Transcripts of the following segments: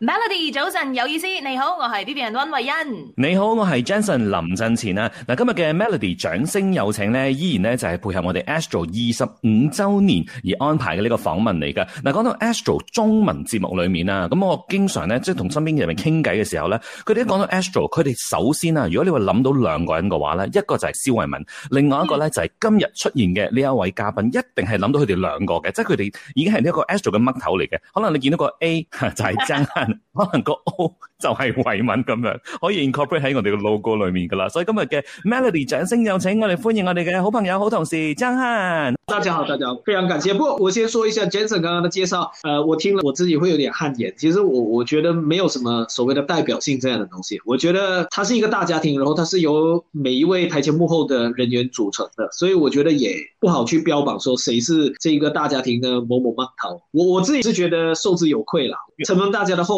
Melody，早晨有意思，你好，我係 Bibian 溫慧欣。你好，我係 Jenson 林振前啊。嗱，今日嘅 Melody 掌聲有請咧，依然咧就係、是、配合我哋 Astro 2二十五周年而安排嘅呢個訪問嚟噶。嗱，講到 Astro 中文節目裏面啊，咁我經常咧即係同身邊嘅人傾偈嘅時候咧，佢哋一講到 Astro 佢哋首先啊，如果你話諗到兩個人嘅話咧，一個就係肖惠敏，另外一個咧、嗯、就係今日出現嘅呢一位嘉賓，一定係諗到佢哋兩個嘅，即係佢哋已經係呢一個 Astro 嘅嘜頭嚟嘅。可能你見到個 A 就係爭。可能個 O 就係維文咁樣，可以 incorporate 喺我哋嘅 logo 裏面噶啦。所以今日嘅 Melody 掌聲有請，我哋歡迎我哋嘅好朋友好同事江瀚。大家好，大家好，非常感謝。不過我先說一下 Jason 剛剛嘅介紹，誒、呃，我聽了我自己會有點汗顏。其實我我覺得沒有什麼所謂的代表性這樣的東西。我覺得它是一個大家庭，然後它是由每一位台前幕後的人員組成的，所以我覺得也不好去標榜說誰是這個大家庭的某某棒頭。我我自己是覺得受之有愧啦，承蒙大家的厚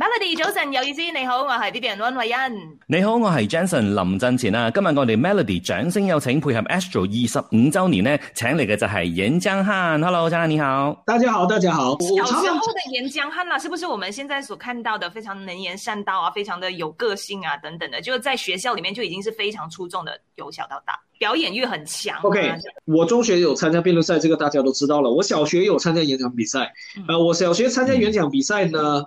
Melody 早晨有意思，你好，我係 Vivian 溫慧欣。你好，我是 Jenson 林振前啊。今日我哋 Melody 掌聲有請配合 Astro 二十五周年呢，請嚟嘅就係顏江瀚。Hello，江瀚你好。大家好，大家好。小時候嘅顏江瀚啦，是不是我們現在所看到的非常能言善道啊，非常的有個性啊等等的，就是在學校裏面就已經是非常出眾的，由小到大，表演欲很強，啊。OK，就我中學有參加辯論賽，這個大家都知道了。我小學有參加演講比賽，嗯、呃我小學參加演講比賽呢。嗯嗯。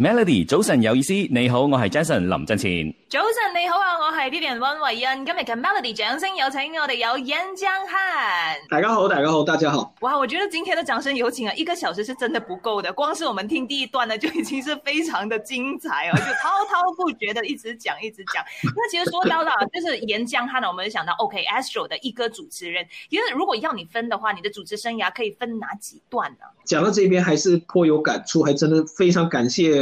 Melody，早晨有意思，你好，我係 Jason 林振前。早晨你好啊，我係 Vivian 溫慧欣。今日嘅 Melody 掌聲有請我，我哋有顏江瀚。大家好，大家好，大家好。哇，我覺得今天的掌聲有請啊，一個小時是真的不夠的，光是我們聽第一段呢就已經是非常的精彩哦，啊，就滔滔不絕的一直講，一直講。 那其實說到啦，就是顏江瀚，我們就想到 OK Astro 的一個主持人。其實如果要你分的話，你的主持生涯可以分哪幾段呢，啊？講到這邊還是頗有感觸，還真的非常感謝。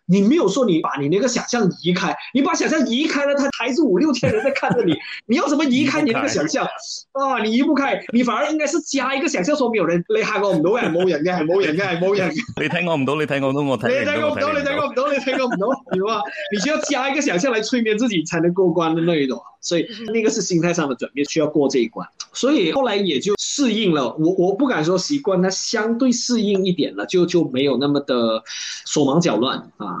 你沒有說你把你那個想象移開，你把想象移開了，他還是五六千人在看着你。你要怎麼移開你那個想象開啊？你移不開，你反而應該是加一個想象說冇人，你你睇我唔到嘅，係冇人嘅，係冇人嘅，係冇人嘅。你睇我唔到，你睇我，不我睇你，你睇我睇你，你睇我唔到，到, 到，你睇我唔到， 你睇我唔到，對嗎？你需要加一個想象來催眠自己才能過關的那一種，所以那個是心態上的轉變，需要過這一關。所以後來也就適應了，我我不敢說習慣，但相對適應一點了，就就沒有那麼的手忙腳亂啊。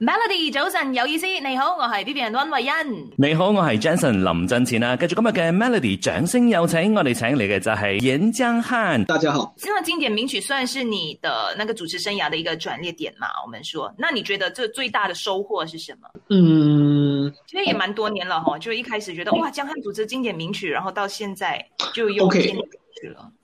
Melody 早晨，有意思，你好，我係 BB 溫慧欣你好，我是 Jason 林振前啊。繼續今日嘅 Melody 掌聲有請，我哋請嚟嘅就係顏江瀚。大家好，呢個經典名曲算是你的那個主持生涯的一個轉捩點嘛？我們說，那你覺得最最大的收穫是什麼？嗯，其實也蠻多年了，嗬，就一開始覺得哇，江瀚主持經典名曲，然後到現在就用經典名曲了。Okay